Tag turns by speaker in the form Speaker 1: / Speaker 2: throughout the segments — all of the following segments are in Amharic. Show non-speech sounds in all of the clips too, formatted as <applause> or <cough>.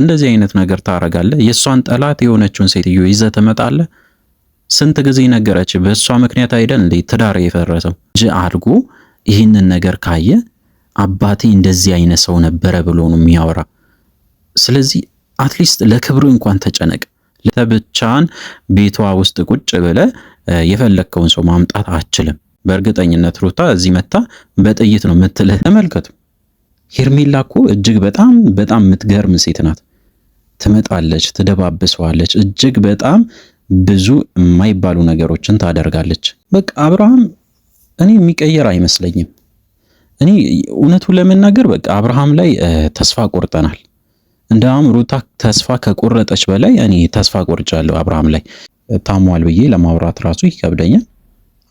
Speaker 1: እንደዚህ አይነት ነገር ታረጋለህ? የእሷን ጠላት የሆነችውን ሴትዮ ይዘህ ትመጣለህ? ስንት ጊዜ ነገረች። በእሷ ምክንያት አይደል እንዴ ትዳር የፈረሰው እንጂ አድጎ ይህንን ነገር ካየ አባቴ እንደዚህ አይነት ሰው ነበረ ብሎ ነው የሚያወራ። ስለዚህ አትሊስት ለክብሩ እንኳን ተጨነቅ። ለተብቻን ቤቷ ውስጥ ቁጭ ብለ የፈለግከውን ሰው ማምጣት አችልም። በእርግጠኝነት ሩታ እዚህ መታ በጥይት ነው የምትልህ። ተመልከቱ ሄርሜላ እኮ እጅግ በጣም በጣም የምትገርም ሴት ናት። ትመጣለች፣ ትደባብሰዋለች። እጅግ በጣም ብዙ የማይባሉ ነገሮችን ታደርጋለች። በቃ አብርሃም እኔ የሚቀየር አይመስለኝም። እኔ እውነቱ ለመናገር በቃ አብርሃም ላይ ተስፋ ቆርጠናል። እንደውም ሩታ ተስፋ ከቆረጠች በላይ እኔ ተስፋ ቆርጫለሁ አብርሃም ላይ። ታሟል ብዬ ለማውራት ራሱ ይከብደኛል።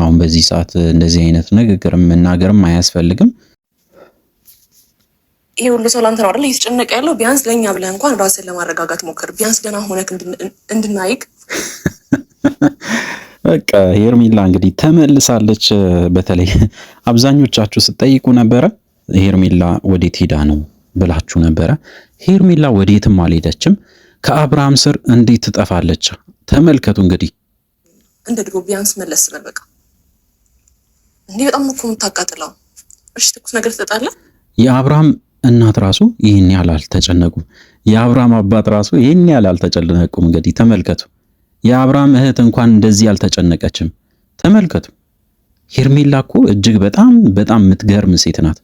Speaker 1: አሁን በዚህ ሰዓት እንደዚህ አይነት ንግግር መናገርም አያስፈልግም።
Speaker 2: ይሄ ሁሉ ሰው ላንተ ነው አይደል እየተጨነቀ ያለው? ቢያንስ ለእኛ ብለህ እንኳን ራስን ለማረጋጋት ሞክር። ቢያንስ ደህና ሆነህ እንድናይቅ።
Speaker 1: በቃ ሄርሜላ እንግዲህ ተመልሳለች። በተለይ አብዛኞቻችሁ ስጠይቁ ነበረ ሄርሜላ ወዴት ሄዳ ነው ብላችሁ ነበረ። ሄርሜላ ወዴትም አልሄደችም። ከአብርሃም ስር እንዴት ትጠፋለች? ተመልከቱ እንግዲህ
Speaker 2: እንደ ድሮ ቢያንስ መለስ በል በቃ እንዲህ በጣም እኮ የምታቃጥለው። እሺ ትኩስ ነገር ትጠጣለህ
Speaker 1: የአብርሃም እናት ራሱ ይህን ያህል አልተጨነቁም። የአብርሃም አባት ራሱ ይህን ያህል አልተጨነቁም። እንግዲህ ተመልከቱ፣ የአብርሃም እህት እንኳን እንደዚህ አልተጨነቀችም። ተመልከቱ፣ ሄርሜላ እኮ እጅግ በጣም በጣም የምትገርም ሴት ናት።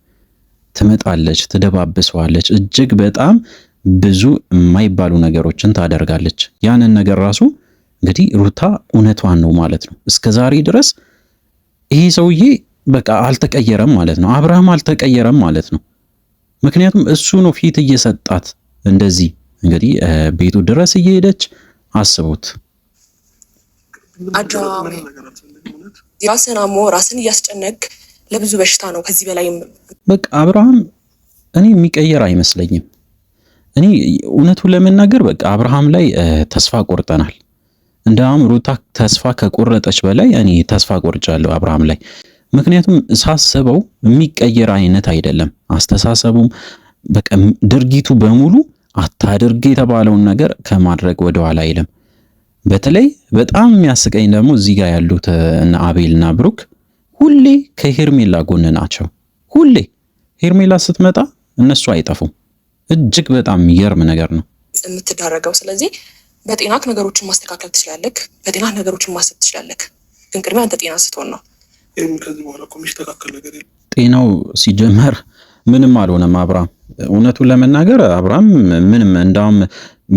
Speaker 1: ትመጣለች፣ ትደባብሰዋለች፣ እጅግ በጣም ብዙ የማይባሉ ነገሮችን ታደርጋለች። ያንን ነገር ራሱ እንግዲህ ሩታ እውነቷን ነው ማለት ነው። እስከ ዛሬ ድረስ ይሄ ሰውዬ በቃ አልተቀየረም ማለት ነው። አብርሃም አልተቀየረም ማለት ነው። ምክንያቱም እሱ ነው ፊት እየሰጣት እንደዚህ እንግዲህ ቤቱ ድረስ እየሄደች አስቡት።
Speaker 2: ራስን አሞ ራስን እያስጨነቅ ለብዙ በሽታ ነው ከዚህ በላይ
Speaker 1: በቃ አብርሃም እኔ የሚቀየር አይመስለኝም። እኔ እውነቱን ለመናገር በቃ አብርሃም ላይ ተስፋ ቆርጠናል። እንደውም ሩታ ተስፋ ከቆረጠች በላይ እኔ ተስፋ ቆርጫለሁ አብርሃም ላይ ምክንያቱም ሳስበው የሚቀየር አይነት አይደለም። አስተሳሰቡም በቃ ድርጊቱ በሙሉ አታድርግ የተባለውን ነገር ከማድረግ ወደኋላ አይልም። በተለይ በጣም የሚያስቀኝ ደግሞ እዚህ ጋር ያሉት እነ አቤልና ብሩክ ሁሌ ከሄርሜላ ጎን ናቸው። ሁሌ ሄርሜላ ስትመጣ እነሱ አይጠፉም። እጅግ በጣም የሚገርም ነገር ነው
Speaker 2: የምትዳረገው። ስለዚህ በጤናክ ነገሮችን ማስተካከል ትችላለክ፣ በጤናክ ነገሮችን ማሰብ ትችላለክ። ግን ቅድሚያ አንተ ጤና ስትሆን ነው
Speaker 3: ይህም ከዚህ በኋላ እኮ የሚስተካከል ነገር የለም።
Speaker 1: ጤናው ሲጀመር ምንም አልሆነም። አብርሃም እውነቱን ለመናገር አብርሃም ምንም እንዳውም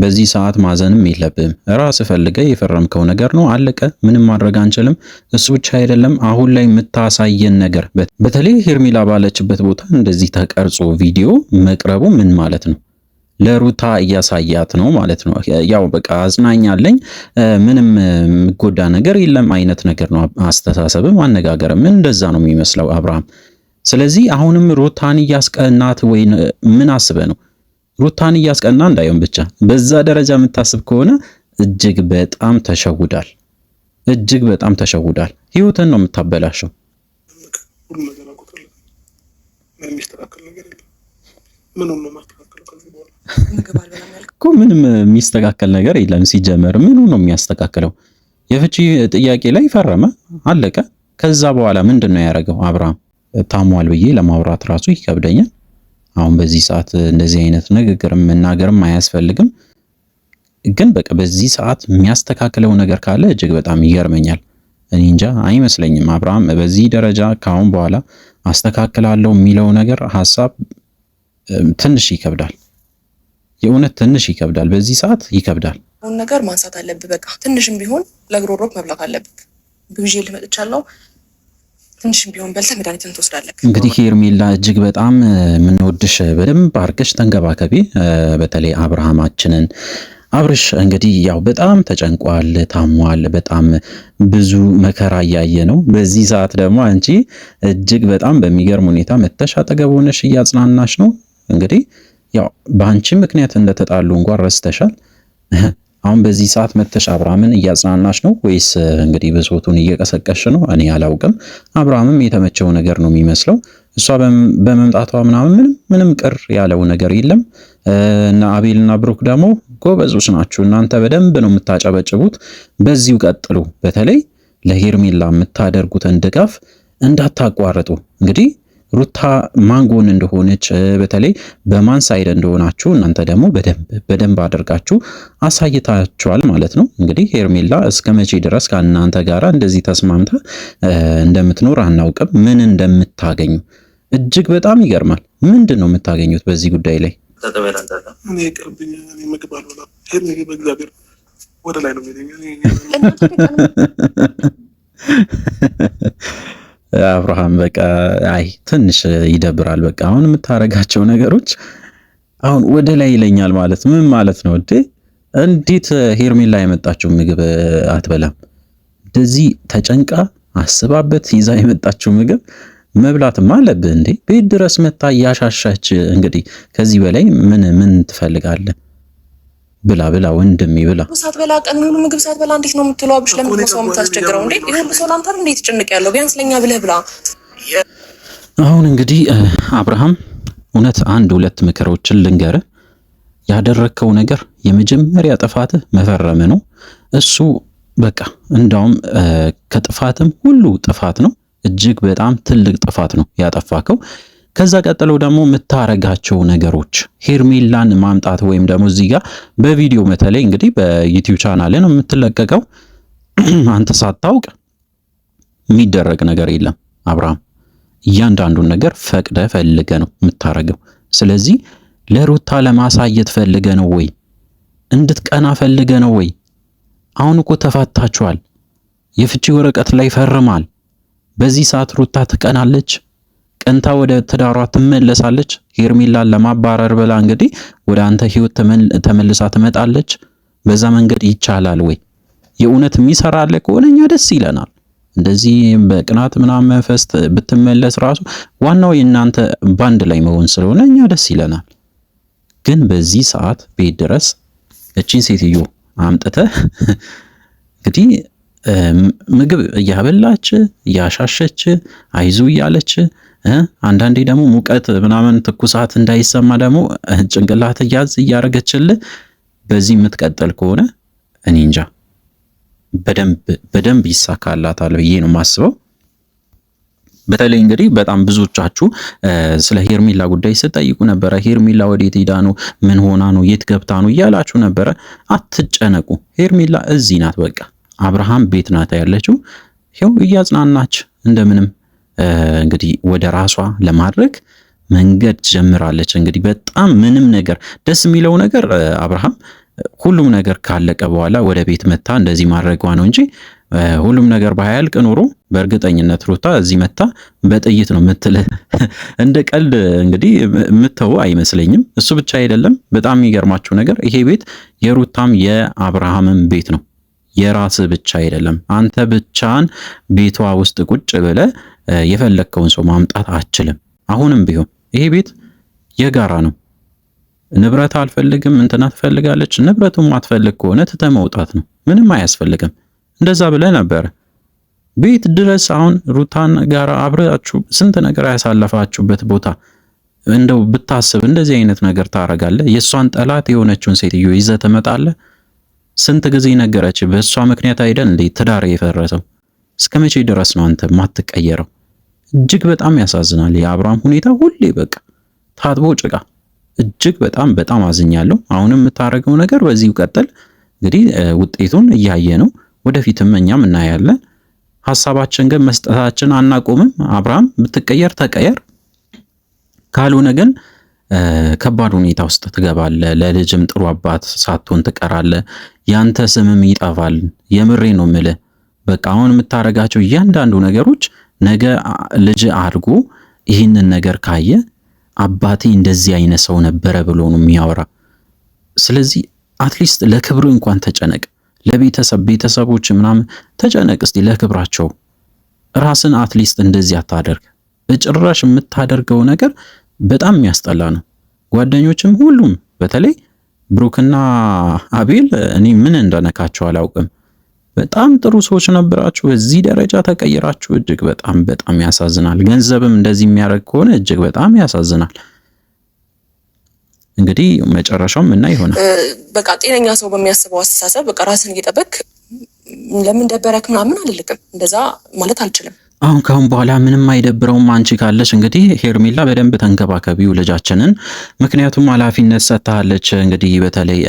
Speaker 1: በዚህ ሰዓት ማዘንም የለብም። ራስ ፈልገ የፈረምከው ነገር ነው፣ አለቀ። ምንም ማድረግ አንችልም። እሱ ብቻ አይደለም አሁን ላይ የምታሳየን ነገር፣ በተለይ ሄርሜላ ባለችበት ቦታ እንደዚህ ተቀርጾ ቪዲዮ መቅረቡ ምን ማለት ነው? ለሩታ እያሳያት ነው ማለት ነው። ያው በቃ አዝናኛለኝ፣ ምንም ምጎዳ ነገር የለም አይነት ነገር ነው። አስተሳሰብም አነጋገርም እንደዛ ነው የሚመስለው አብርሃም። ስለዚህ አሁንም ሩታን እያስቀናት ወይ ምን አስበ ነው? ሩታን እያስቀና እንዳየም ብቻ። በዛ ደረጃ የምታስብ ከሆነ እጅግ በጣም ተሸውዳል፣ እጅግ በጣም ተሸውዳል። ህይወትን ነው የምታበላሸው። ምንም ነገር እኮ ምንም የሚስተካከል ነገር የለም። ሲጀመር ምኑ ነው የሚያስተካክለው? የፍቺ ጥያቄ ላይ ፈረመ፣ አለቀ። ከዛ በኋላ ምንድን ነው ያደረገው? አብርሃም ታሟል ብዬ ለማውራት ራሱ ይከብደኛል። አሁን በዚህ ሰዓት እንደዚህ አይነት ንግግር መናገርም አያስፈልግም። ግን በቃ በዚህ ሰዓት የሚያስተካክለው ነገር ካለ እጅግ በጣም ይገርመኛል። እኔ እንጃ አይመስለኝም። አብርሃም በዚህ ደረጃ ከአሁን በኋላ አስተካክላለሁ የሚለው ነገር ሀሳብ ትንሽ ይከብዳል። የእውነት ትንሽ ይከብዳል። በዚህ ሰዓት ይከብዳል።
Speaker 2: ሁን ነገር ማንሳት አለብህ። በቃ ትንሽም ቢሆን ለግሮሮክ መብላት አለብህ። ግብዤ ልመጥቻለው ትንሽም ቢሆን በልተህ መድኃኒትን ትወስዳለህ።
Speaker 1: እንግዲህ ሄርሜላ እጅግ በጣም የምንወድሽ በደንብ አድርገሽ ተንከባከቢ። በተለይ አብርሃማችንን አብርሽ እንግዲህ ያው በጣም ተጨንቋል፣ ታሟል። በጣም ብዙ መከራ እያየ ነው። በዚህ ሰዓት ደግሞ አንቺ እጅግ በጣም በሚገርም ሁኔታ መተሻ አጠገብ ሆነሽ እያጽናናሽ ነው እንግዲህ ያው በአንቺ ምክንያት እንደተጣሉ እንኳን ረስተሻል። <laughs> አሁን በዚህ ሰዓት መተሽ አብርሃምን እያጽናናሽ ነው ወይስ እንግዲህ ብሶቱን እየቀሰቀሽ ነው? እኔ አላውቅም። አብርሃምም የተመቸው ነገር ነው የሚመስለው። እሷ በመምጣቷ ምናምን ምንም ምንም ቅር ያለው ነገር የለም። እና አቤልና ብሩክ ደግሞ ጎበዞች ናችሁ እናንተ በደንብ ነው የምታጨበጭቡት። በዚሁ ቀጥሉ። በተለይ ለሄርሜላ የምታደርጉትን ድጋፍ እንዳታቋርጡ። እንግዲህ ሩታ ማንጎን እንደሆነች በተለይ በማን ሳይድ እንደሆናችሁ እናንተ ደግሞ በደንብ በደንብ አድርጋችሁ አሳይታችኋል ማለት ነው። እንግዲህ ሄርሜላ እስከ መቼ ድረስ ከእናንተ ጋር እንደዚህ ተስማምታ እንደምትኖር አናውቅም። ምን እንደምታገኙ እጅግ በጣም ይገርማል። ምንድን ነው የምታገኙት በዚህ ጉዳይ ላይ? ወደ ላይ ነው አብርሃም በቃ አይ ትንሽ ይደብራል። በቃ አሁን የምታረጋቸው ነገሮች አሁን ወደ ላይ ይለኛል ማለት ምን ማለት ነው እንዴ? እንዴት ሄርሜላ የመጣችው ምግብ አትበላም? እንደዚህ ተጨንቃ አስባበት ይዛ የመጣችው ምግብ መብላትም አለብህ እንዴ? ቤት ድረስ መታ እያሻሻች። እንግዲህ ከዚህ በላይ ምን ምን ትፈልጋለህ? ብላ ብላ ወንድሜ ብላ
Speaker 2: ሳትበላ ቀን ሙሉ ምግብ ሳትበላ እንዴት ነው የምትለው? አብሽ ለምን ነው ሰው የምታስቸግረው? እንዴ ይሄ ሁሉ ሰው ላንተ እንዴት ጭንቅ ያለው? ቢያንስ ለኛ ብለህ ብላ።
Speaker 1: አሁን እንግዲህ አብርሃም እውነት አንድ ሁለት ምክሮችን ልንገር። ያደረግከው ነገር የመጀመሪያ ጥፋትህ መፈረም ነው። እሱ በቃ እንዳውም ከጥፋትም ሁሉ ጥፋት ነው። እጅግ በጣም ትልቅ ጥፋት ነው ያጠፋከው። ከዛ ቀጥሎ ደግሞ የምታረጋቸው ነገሮች ሄርሜላን ማምጣት ወይም ደግሞ እዚህ ጋር በቪዲዮ በተለይ እንግዲህ በዩቲዩብ ቻናል ነው የምትለቀቀው። <clears throat> አንተ ሳታውቅ የሚደረግ ነገር የለም አብርሃም። እያንዳንዱን ነገር ፈቅደ ፈልገ ነው የምታረገው። ስለዚህ ለሩታ ለማሳየት ፈልገ ነው ወይ እንድትቀና ፈልገ ነው ወይ? አሁን እኮ ተፋታችኋል። የፍቺ ወረቀት ላይ ፈርማል። በዚህ ሰዓት ሩታ ትቀናለች? ቀንታ ወደ ትዳሯ ትመለሳለች። ሄርሜላን ለማባረር ብላ እንግዲህ ወደ አንተ ህይወት ተመልሳ ትመጣለች። በዛ መንገድ ይቻላል ወይ? የእውነት የሚሰራ አለ ከሆነ እኛ ደስ ይለናል። እንደዚህ በቅናት ምናምን መንፈስ ብትመለስ ራሱ ዋናው የእናንተ ባንድ ላይ መሆን ስለሆነ እኛ ደስ ይለናል። ግን በዚህ ሰዓት ቤት ድረስ እቺን ሴትዮ አምጥተህ <laughs> እንግዲህ ምግብ እያበላች እያሻሸች አይዙ እያለች አንዳንዴ ደግሞ ሙቀት ምናምን ትኩሳት እንዳይሰማ ደግሞ ጭንቅላት እያዝ እያደረገችል በዚህ የምትቀጥል ከሆነ እኔ እንጃ በደንብ በደንብ ይሳካላታል ብዬ ነው የማስበው። በተለይ እንግዲህ በጣም ብዙዎቻችሁ ስለ ሄርሜላ ጉዳይ ስጠይቁ ነበረ። ሄርሜላ ወዴት ሄዳ ነው? ምን ሆና ነው? የት ገብታ ነው? እያላችሁ ነበረ። አትጨነቁ፣ ሄርሜላ እዚህ ናት። በቃ አብርሃም ቤት ናት ያለችው፣ ይኸው እያጽናናች እንደምንም እንግዲህ ወደ ራሷ ለማድረግ መንገድ ጀምራለች። እንግዲህ በጣም ምንም ነገር ደስ የሚለው ነገር አብርሃም ሁሉም ነገር ካለቀ በኋላ ወደ ቤት መታ እንደዚህ ማድረጓ ነው እንጂ ሁሉም ነገር ባያልቅ ኖሮ በእርግጠኝነት ሩታ እዚህ መታ በጥይት ነው ምትል። <laughs> እንደ ቀልድ እንግዲህ የምትተው አይመስለኝም። እሱ ብቻ አይደለም። በጣም የሚገርማችሁ ነገር ይሄ ቤት የሩታም የአብርሃምም ቤት ነው። የራስ ብቻ አይደለም። አንተ ብቻን ቤቷ ውስጥ ቁጭ ብለ የፈለግከውን ሰው ማምጣት አችልም። አሁንም ቢሆን ይሄ ቤት የጋራ ነው። ንብረት አልፈልግም፣ እንትና ትፈልጋለች። ንብረቱም አትፈልግ ከሆነ ትተህ መውጣት ነው። ምንም አያስፈልግም። እንደዛ ብለ ነበረ ቤት ድረስ አሁን ሩታን ጋር አብራችሁ ስንት ነገር ያሳለፋችሁበት ቦታ እንደው ብታስብ እንደዚህ አይነት ነገር ታረጋለ? የእሷን ጠላት የሆነችውን ሴትዮ ይዘ ትመጣለህ? ስንት ጊዜ ነገረች? በእሷ ምክንያት አይደል እንዴ ትዳር የፈረሰው? እስከ መቼ ድረስ ነው አንተ ማትቀየረው? እጅግ በጣም ያሳዝናል። የአብርሃም ሁኔታ ሁሌ በቃ ታጥቦ ጭቃ። እጅግ በጣም በጣም አዝኛለሁ። አሁንም የምታደርገው ነገር በዚሁ ቀጥል። እንግዲህ ውጤቱን እያየ ነው። ወደፊትም እኛም እናያለን። ሀሳባችን ግን መስጠታችን አናቆምም። አብርሃም ብትቀየር ተቀየር፣ ካልሆነ ግን ከባድ ሁኔታ ውስጥ ትገባለ። ለልጅም ጥሩ አባት ሳትሆን ትቀራለ። ያንተ ስምም ይጠፋል። የምሬ ነው ምል በቃ አሁን የምታደርጋቸው እያንዳንዱ ነገሮች ነገ ልጅ አድጎ ይህንን ነገር ካየ አባቴ እንደዚህ አይነት ሰው ነበረ ብሎ ነው የሚያወራ። ስለዚህ አትሊስት ለክብር እንኳን ተጨነቅ። ለቤተሰብ ቤተሰቦች ምናምን ተጨነቅ እስቲ ለክብራቸው። ራስን አትሊስት እንደዚህ አታደርግ። በጭራሽ የምታደርገው ነገር በጣም የሚያስጠላ ነው። ጓደኞችም ሁሉም በተለይ ብሩክና አቤል እኔ ምን እንደነካቸው አላውቅም። በጣም ጥሩ ሰዎች ነበራችሁ፣ በዚህ ደረጃ ተቀይራችሁ እጅግ በጣም በጣም ያሳዝናል። ገንዘብም እንደዚህ የሚያደርግ ከሆነ እጅግ በጣም ያሳዝናል። እንግዲህ መጨረሻውም እና ይሆናል።
Speaker 2: በቃ ጤነኛ ሰው በሚያስበው አስተሳሰብ በቃ ራስን እየጠበቅ ለምን ደበረክ ምናምን አልልቅም። እንደዛ ማለት አልችልም።
Speaker 1: አሁን ካሁን በኋላ ምንም አይደብረውም። አንቺ ካለሽ እንግዲህ ሄርሜላ በደንብ ተንከባከቢው ልጃችንን፣ ምክንያቱም ኃላፊነት ሰጥታለች። እንግዲህ በተለይ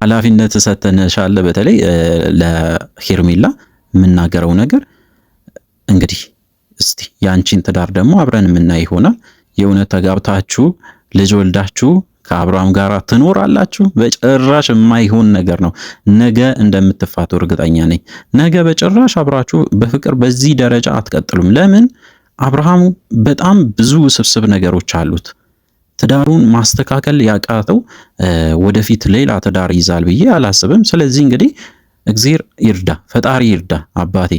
Speaker 1: ኃላፊነት ሰጥተንሻል። በተለይ ለሄርሜላ የምናገረው ነገር እንግዲህ እስቲ የአንቺን ትዳር ደግሞ አብረን የምናይ ይሆናል። የእውነት ተጋብታችሁ ልጅ ወልዳችሁ ከአብርሃም ጋር ትኖራላችሁ? በጭራሽ የማይሆን ነገር ነው። ነገ እንደምትፋቱ እርግጠኛ ነኝ። ነገ በጭራሽ አብራችሁ በፍቅር በዚህ ደረጃ አትቀጥሉም። ለምን? አብርሃም በጣም ብዙ ውስብስብ ነገሮች አሉት። ትዳሩን ማስተካከል ያቃተው ወደፊት ሌላ ትዳር ይዛል ብዬ አላስብም። ስለዚህ እንግዲህ እግዚአብሔር ይርዳ፣ ፈጣሪ ይርዳ አባቴ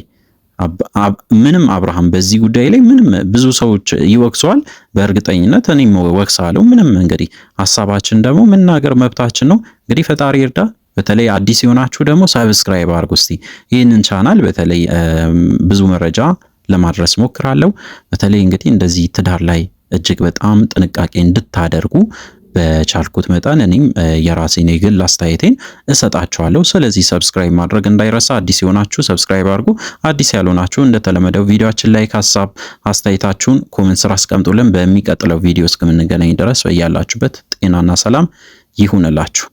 Speaker 1: ምንም አብርሃም በዚህ ጉዳይ ላይ ምንም ብዙ ሰዎች ይወቅሰዋል። በእርግጠኝነት እኔም ወቅሳለሁ። ምንም እንግዲህ ሀሳባችን ደግሞ መናገር መብታችን ነው። እንግዲህ ፈጣሪ እርዳ። በተለይ አዲስ የሆናችሁ ደግሞ ሰብስክራይብ አድርጉ እስቲ ይህንን ቻናል በተለይ ብዙ መረጃ ለማድረስ ሞክራለሁ። በተለይ እንግዲህ እንደዚህ ትዳር ላይ እጅግ በጣም ጥንቃቄ እንድታደርጉ በቻልኩት መጠን እኔም የራሴን የግል አስተያየቴን እሰጣችኋለሁ። ስለዚህ ሰብስክራይብ ማድረግ እንዳይረሳ። አዲስ የሆናችሁ ሰብስክራይብ አድርጉ። አዲስ ያልሆናችሁ እንደተለመደው ቪዲዮችን ላይ ሀሳብ አስተያየታችሁን ኮሜንት ስራ አስቀምጡልን። በሚቀጥለው ቪዲዮ እስከምንገናኝ ድረስ በያላችሁበት ጤናና ሰላም ይሁንላችሁ።